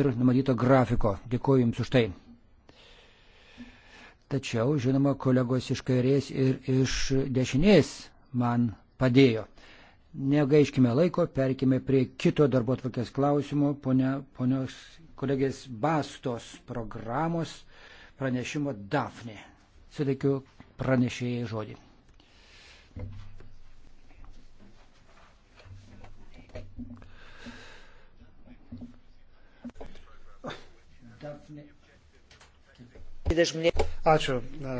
ir numatyto grafiko. Dėkuoju Jums už tai. Tačiau, žinoma, kolegos iš kairės ir iš dešinės man padėjo. Negaiškime laiko, perkime prie kito darbo atvarkės klausimo, ponia, ponios kolegės Bastos programos pranešimo Dafne. Suteikiu pranešėjai žodį. Dafne. Ačiū. E,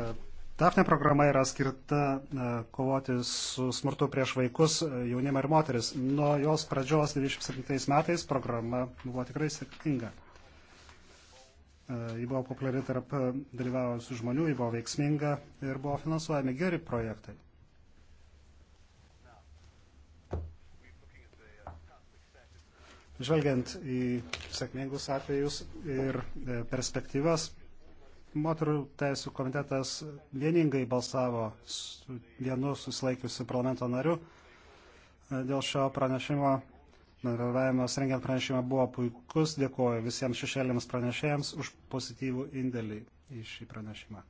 Dafne programa yra skirta e, kovoti su smurtu prieš vaikus, e, jaunimą ir moteris. Nuo jos pradžios 97 metais programa buvo tikrai sėkminga. Ji buvo populiari tarp dalyvavusių žmonių, ji buvo veiksminga ir buvo finansuojami geri projektai. Žvelgiant į sėkmingus atvejus ir e, perspektyvas, moterų teisų komitetas vieningai balsavo su vienu susilaikiusiu parlamento nariu. E, dėl šio pranešimo, bendradavimas rengiant pranešimą buvo puikus. Dėkuoju visiems šešėliams pranešėjams už pozityvų indėlį į šį pranešimą.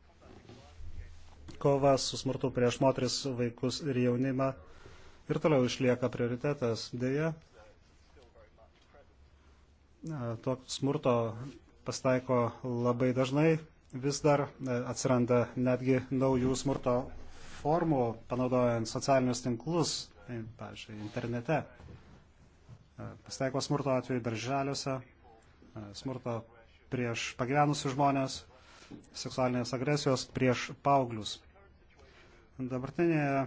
Kova su smurtu prieš moteris, vaikus ir jaunimą ir toliau išlieka prioritetas. Deja, to smurto pastaiko labai dažnai, vis dar e, atsiranda netgi naujų smurto formų, panaudojant socialinius tinklus, tai, pavyzdžiui, internete. E, pastaiko smurto atveju darželiuose, e, smurto prieš pagyvenusius žmonės, seksualinės agresijos prieš paauglius. Dabartinėje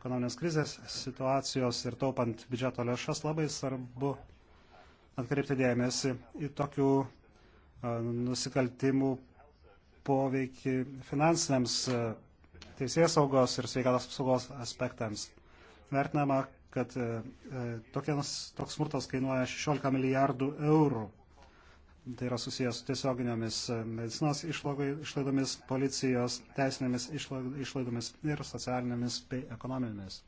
ekonominės krizės situacijos ir taupant biudžeto lėšas labai svarbu atkreipti dėmesį į tokių nusikaltimų poveikį finansiniams teisės saugos ir sveikatos apsaugos aspektams. Vertinama, kad tokienas, toks smurtas kainuoja 16 milijardų eurų. Tai yra susijęs su tiesioginėmis medicinos išlaidomis, policijos teisinėmis išlaidomis ir socialinėmis bei ekonominėmis.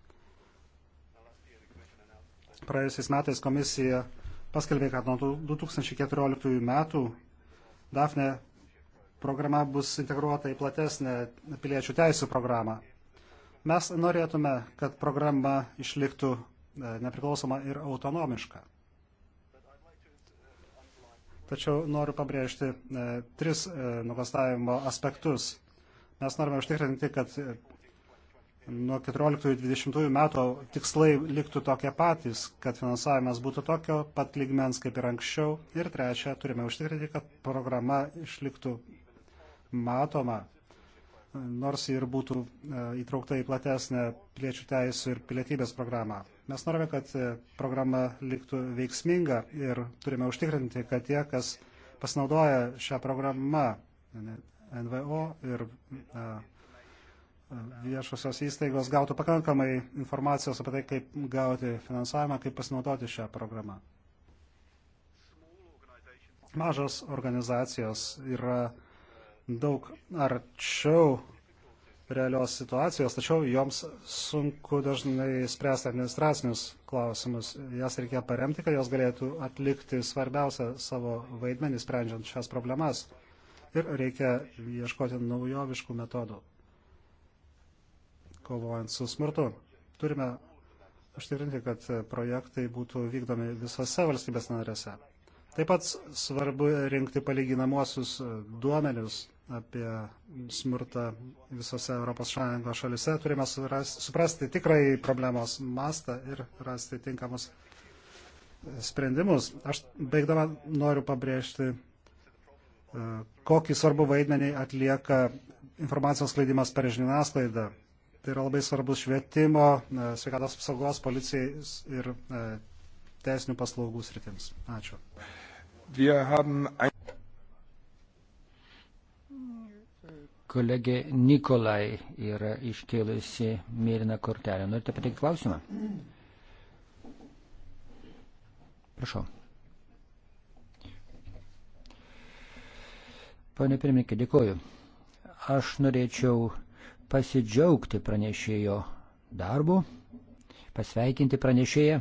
Praėjusiais metais komisija paskelbė, kad nuo 2014 metų DAFNE programa bus integruota į platesnę piliečių teisų programą. Mes norėtume, kad programa išliktų e, nepriklausoma ir autonomiška. Tačiau noriu pabrėžti e, tris e, nugastavimo aspektus. Mes norime užtikrinti, kad nuo 14-20 metų tikslai liktų tokie patys, kad finansavimas būtų tokio pat lygmens kaip ir anksčiau. Ir trečia, turime užtikrinti, kad programa išliktų matoma, nors ji ir būtų e, įtraukta į platesnę piliečių teisų ir pilietybės programą. Mes norime, kad e, programa liktų veiksminga ir turime užtikrinti, kad tie, kas pasinaudoja šią programą, NVO ir uh, viešosios įstaigos gautų pakankamai informacijos apie tai, kaip gauti finansavimą, kaip pasinaudoti šią programą. Mažos organizacijos yra daug arčiau realios situacijos, tačiau joms sunku dažnai spręsti administracinius klausimus. Jas reikia paremti, kad jos galėtų atlikti svarbiausią savo vaidmenį sprendžiant šias problemas. Ir reikia ieškoti naujoviškų metodų kovojant su smurtu. Turime užtikrinti, kad projektai būtų vykdomi visose valstybės narėse. Taip pat svarbu rinkti palyginamosius duomenius apie smurtą visose ES šalise. Turime surasti, suprasti tikrai problemos mastą ir rasti tinkamus sprendimus. Aš baigdama noriu pabrėžti, e, kokį svarbu vaidmenį atlieka informacijos klaidimas per žiniasklaidą. Tai yra labai svarbus švietimo, e, sveikatos apsaugos, policijai ir e, teisinių paslaugų sritims. Ačiū. Kolegė Nikolai yra iškėlusi mėlyną kortelę. Norite pateikti klausimą? Prašau. Pane pirmininkė, dėkoju. Aš norėčiau pasidžiaugti pranešėjo darbu, pasveikinti pranešėją.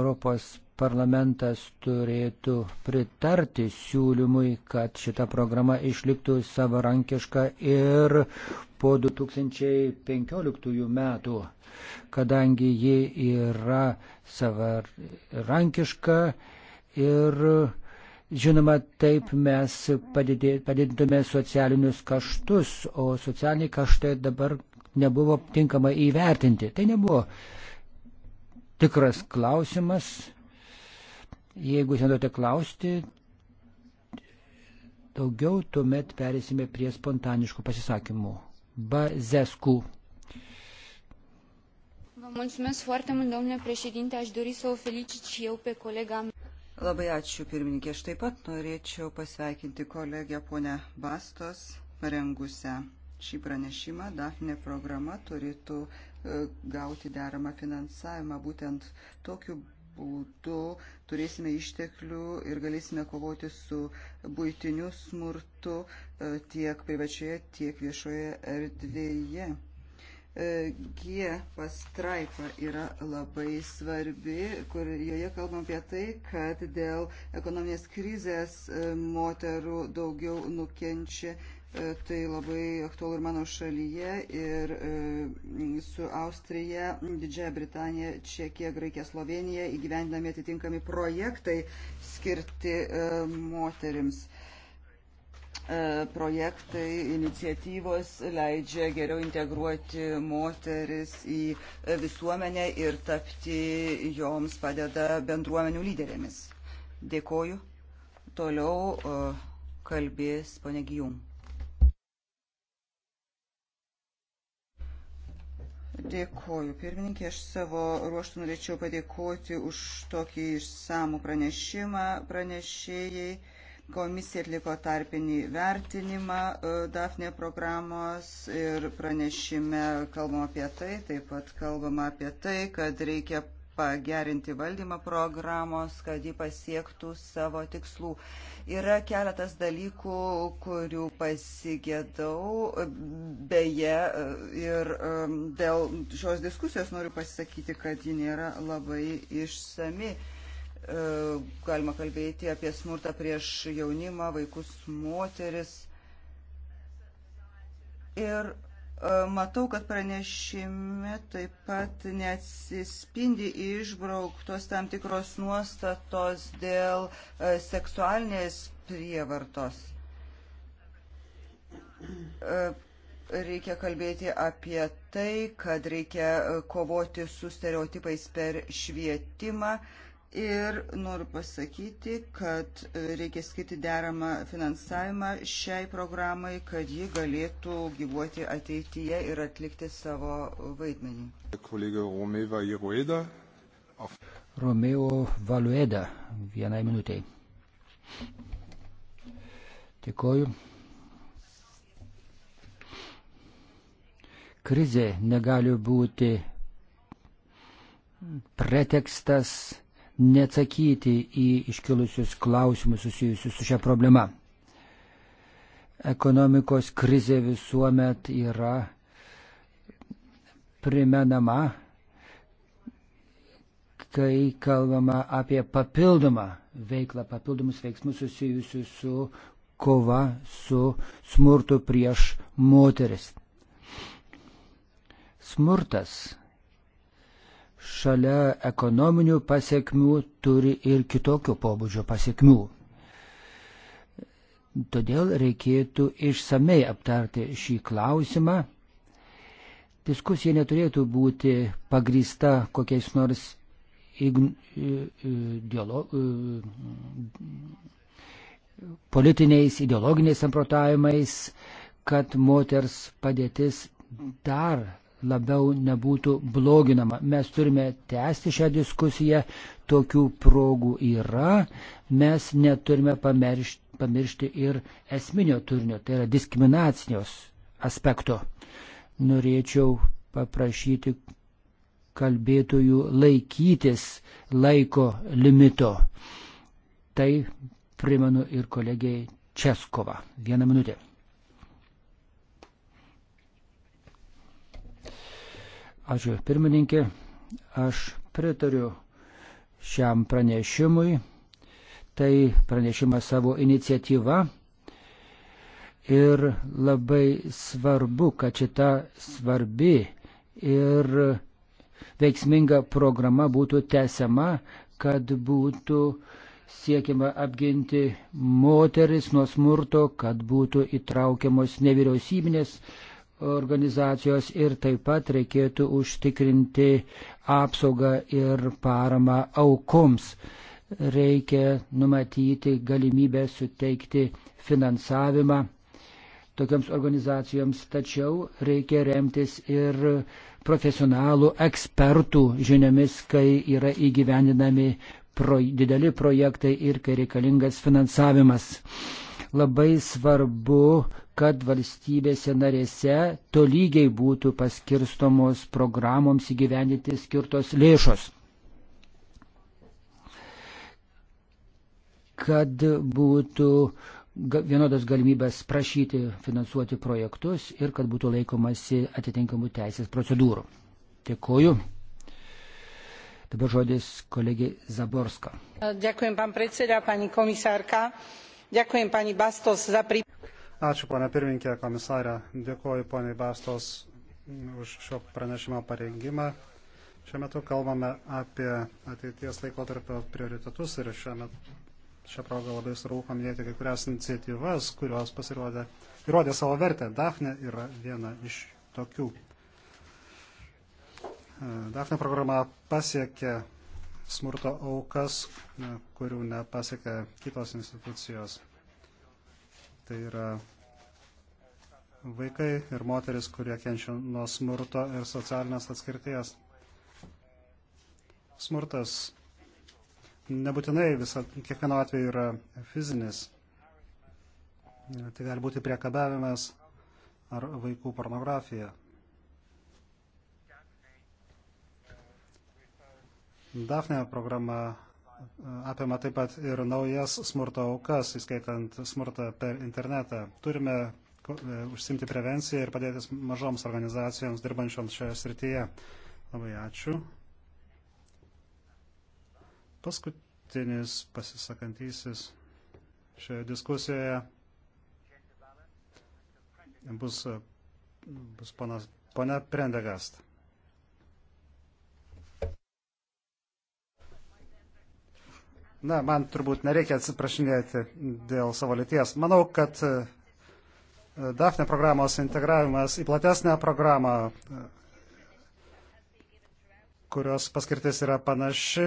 Europos parlamentas turėtų pritarti siūlymui, kad šita programa išliktų savarankiška ir po 2015 metų, kadangi ji yra savarankiška ir Žinoma, taip mes padidintume socialinius kaštus, o socialiniai kaštai dabar nebuvo tinkamai įvertinti. Tai nebuvo tikras klausimas. Jeigu jūs norite klausti, daugiau tuomet perėsime prie spontaniškų pasisakymų. Bazescu. Vă mulțumesc foarte mult, domnule președinte. Aș dori să o felicit și eu pe colega mea. Labai ačiū pirmininkė. Aš taip pat norėčiau pasveikinti kolegę ponę Bastos parengusią šį pranešimą. Dafne programa turėtų e, gauti deramą finansavimą. Būtent tokiu būdu turėsime išteklių ir galėsime kovoti su būtiniu smurtu e, tiek privačioje, tiek viešoje erdvėje. E, G pastraipa yra labai svarbi, kur joje kalbam apie tai, kad dėl ekonominės krizės e, moterų daugiau nukenčia. E, tai labai aktualu ir mano šalyje, ir su Austrija, Didžiaja Britanija, Čekija, Graikija, Slovenija įgyvendinami atitinkami projektai skirti moterims. E, E, projektai, iniciatyvos leidžia geriau integruoti moteris į e, visuomenę ir tapti joms padeda bendruomenių lyderėmis. Dėkoju. Toliau e, kalbės ponė Gijum. Dėkoju. Pirmininkė, aš savo ruoštų norėčiau padėkoti už tokį išsamų pranešimą pranešėjai Komisija atliko tarpinį vertinimą e, DAFNE programos ir pranešime kalbama apie tai, taip pat kalbama apie tai, kad reikia pagerinti valdymą programos, kad ji pasiektų savo tikslų. Yra keletas dalykų, kurių pasigėdau, beje, e, ir e, dėl šios diskusijos noriu pasakyti, kad ji nėra labai išsami. E, galima kalbėti apie smurtą prieš jaunimą, vaikus, moteris. Ir e, matau, kad pranešime taip pat neatsispindi išbrauktos tam tikros nuostatos dėl e, seksualinės prievartos. Reikia kalbėti apie tai, kad reikia kovoti su stereotipais per švietimą Ir noriu pasakyti, kad e, reikia skirti deramą finansavimą šiai programai, kad ji galėtų gyvuoti ateityje ir atlikti savo vaidmenį. Romeo Valueda, vienai minutiai. Dėkoju. Krizė negali būti pretekstas neatsakyti į iškilusius klausimus susijusius su šia problema. Ekonomikos krizė visuomet yra primenama, kai kalbama apie papildomą veiklą, papildomus veiksmus susijusius su kova su smurtu prieš moteris. Smurtas šalia ekonominių pasiekmių turi ir kitokio pobūdžio pasiekmių. Todėl reikėtų išsamei aptarti šį klausimą. Diskusija neturėtų būti pagrįsta kokiais nors ign... dialo... politiniais, ideologiniais samprotavimais, kad moters padėtis dar labiau nebūtų bloginama. Mes turime tęsti šią diskusiją, tokių progų yra, mes neturime pamiršti, pamiršti ir esminio turinio, tai yra diskriminacinios aspekto. Norėčiau paprašyti kalbėtojų laikytis laiko limito. Tai primenu ir kolegijai Českova. Vieną minutę. Ačiū pirmininkė, aš pritariu šiam pranešimui. Tai pranešimas savo iniciatyva ir labai svarbu, kad šita svarbi ir veiksminga programa būtų tęsiama, kad būtų siekiama apginti moteris nuo smurto, kad būtų įtraukiamos nevyriausybinės organizacijos ir taip pat reikėtų užtikrinti apsaugą ir paramą aukoms. Reikia numatyti galimybę suteikti finansavimą tokiams organizacijoms, tačiau reikia remtis ir profesionalų ekspertų žiniomis, kai yra įgyvendinami pro, dideli projektai ir kai reikalingas finansavimas. Labai svarbu kad valstybėse narėse tolygiai būtų paskirstomos programoms įgyvendinti skirtos lėšos. Kad būtų vienodas galimybės prašyti finansuoti projektus ir kad būtų laikomasi atitinkamų teisės procedūrų. Dėkuoju. Dabar žodis kolegė Zaborska. Dėkuoju, pan predsėdė, pani komisarka. Ďakujem pani Bastos za pri... Ačiū, ponia pirminkė, komisarė. Dėkuoju, poniai Bastos, už šio pranešimo parengimą. Šiuo metu kalbame apie ateities laikotarpio prioritetus ir šiuo metu šią progą labai svarbu paminėti kai kurias iniciatyvas, kurios pasirodė, įrodė savo vertę. Dafne yra viena iš tokių. Dafne programa pasiekė smurto aukas, kurių nepasiekė kitos institucijos Tai yra vaikai ir moteris, kurie kenčia nuo smurto ir socialinės atskirties. Smurtas nebūtinai visą, kiekvieno atveju yra fizinis. Tai gali būti priekabiavimas ar vaikų pornografija. Dafne programa apima taip pat ir naujas smurto aukas, įskaitant smurtą per internetą. Turime e, užsimti prevenciją ir padėtis mažoms organizacijoms dirbančioms šioje srityje. Labai ačiū. Paskutinis pasisakantysis šioje diskusijoje bus, bus panas, pana Prendegast. Na, man turbūt nereikia atsiprašinėti dėl savo lyties. Manau, kad e, DAFNE programos integravimas į platesnę programą, e, kurios paskirtis yra panaši,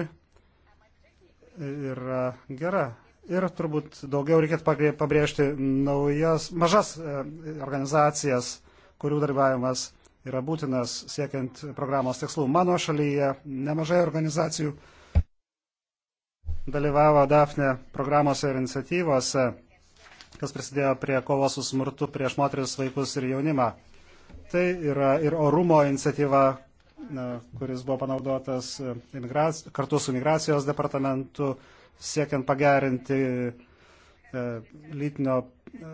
yra gera. Ir turbūt daugiau reikėtų pabrėžti naujas, mažas e, organizacijas, kurių dalyvavimas yra būtinas siekiant programos tikslų. Mano šalyje nemažai organizacijų dalyvavo DAFNE programuose ir iniciatyvose, kas prisidėjo prie kovos su smurtu prieš moteris, vaikus ir jaunimą. Tai yra ir orumo iniciatyva, kuris buvo panaudotas e, kartu su migracijos departamentu, siekiant pagerinti e, lytinio e,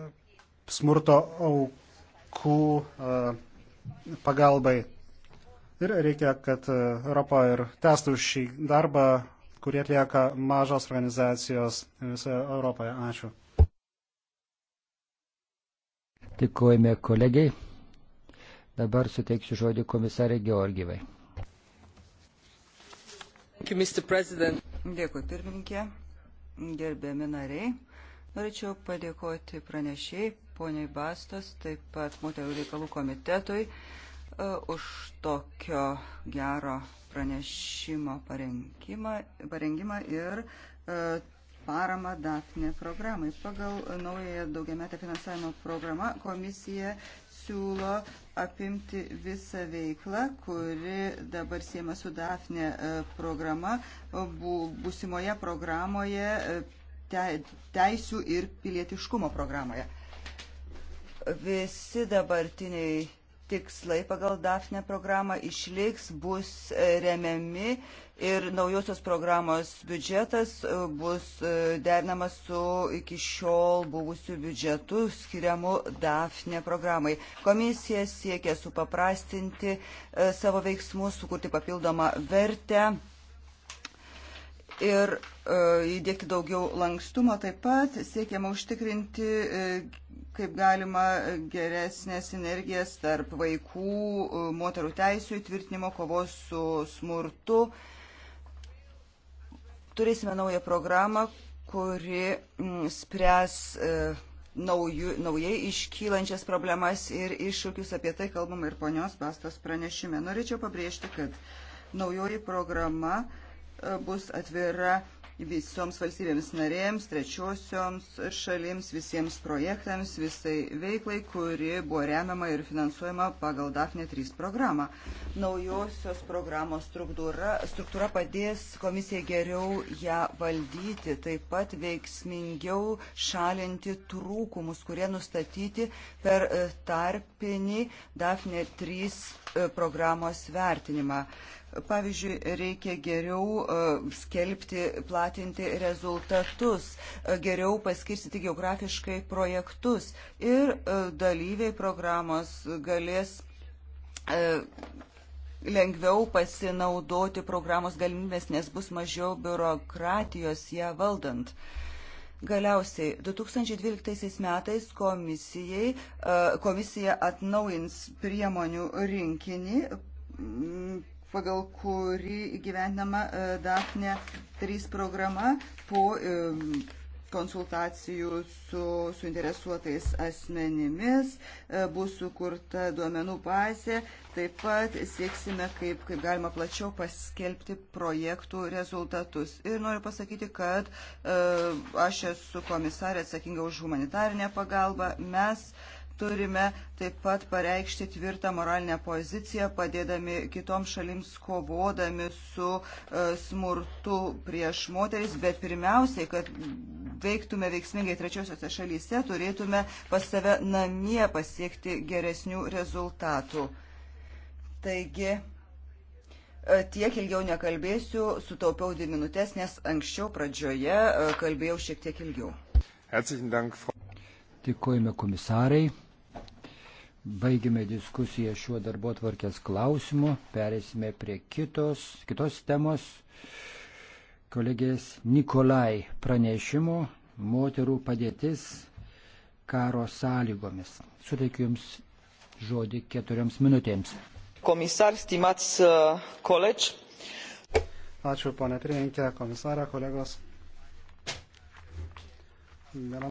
smurto aukų pagalbai. Ir reikia, kad Europa ir testų šį darbą kurie atlieka mažos organizacijos visoje Europoje. Ačiū. Dėkojame kolegiai. Dabar suteiksiu žodį komisarė Georgievai. Dėkui, pirmininkė. Gerbėmi nariai. Norėčiau padėkoti pranešiai, poniai Bastos, taip pat moterų reikalų komitetui E, už tokio gero pranešimo parengimą, parengimą ir e, parama DAFNE programai. Pagal naująją daugiametę finansavimo programą komisija siūlo apimti visą veiklą, kuri dabar siema su DAFNE e, programa, būsimoje programoje teisų ir pilietiškumo programoje. Visi dabartiniai tikslai pagal DAFNE programą išliks, bus e, remiami ir naujosios programos biudžetas e, bus e, derinamas su iki šiol buvusiu biudžetu skiriamu DAFNE programai. Komisija siekia supaprastinti savo veiksmus, sukurti papildomą vertę ir įdėkti daugiau lankstumo. Taip pat siekiama užtikrinti kaip galima geresnės energijas tarp vaikų, e, moterų teisų įtvirtinimo, kovos su smurtu. Turėsime naują programą, kuri spręs e, naujų, naujai iškylančias problemas ir iššūkius. Apie tai kalbama ir ponios pastos pranešime. Norėčiau pabrėžti, kad naujoji programa e, bus atvira visoms valstybėms narėms, trečiosioms šalims, visiems projektams, visai veiklai, kuri buvo remiama ir finansuojama pagal DAFNE 3 programą. Naujosios programos struktūra, struktūra padės komisijai geriau ją valdyti, taip pat veiksmingiau šalinti trūkumus, kurie nustatyti per e, tarpinį DAFNE 3 e, programos vertinimą. Pavyzdžiui, reikia geriau e, skelbti, platinti rezultatus, e, geriau paskirstyti geografiškai projektus ir e, dalyviai programos galės lengviau pasinaudoti programos galimybės, nes bus mažiau biurokratijos ją valdant. Galiausiai 2012 metais komisijai, komisija atnaujins priemonių rinkinį pagal kurį įgyvendinama e, DAFNE 3 programa po e, konsultacijų su suinteresuotais asmenimis, e, bus sukurta duomenų bazė, taip pat sieksime, kaip, kaip galima plačiau paskelbti projektų rezultatus. Ir noriu pasakyti, kad e, aš esu komisarė atsakinga už humanitarinę pagalbą. Mes e, Turime taip pat pareikšti tvirtą moralinę poziciją, padėdami kitoms šalims kovodami su e, smurtu prieš moteris, bet pirmiausiai, kad veiktume veiksmingai trečiosiuose šalyse, turėtume pas save namie pasiekti geresnių rezultatų. Taigi, e, tiek ilgiau nekalbėsiu, sutaupiau dvi minutės, nes anksčiau pradžioje e, kalbėjau šiek tiek ilgiau. Dėkojame komisarai. Baigime diskusiją šiuo darbo tvarkės klausimu, perėsime prie kitos, kitos temos kolegės Nikolai pranešimo moterų padėtis karo sąlygomis. Suteikiu Jums žodį keturioms minutėms. Komisar, stimats koleč. Uh, Ačiū, ponė Prieninkė, komisarė, kolegos. Viena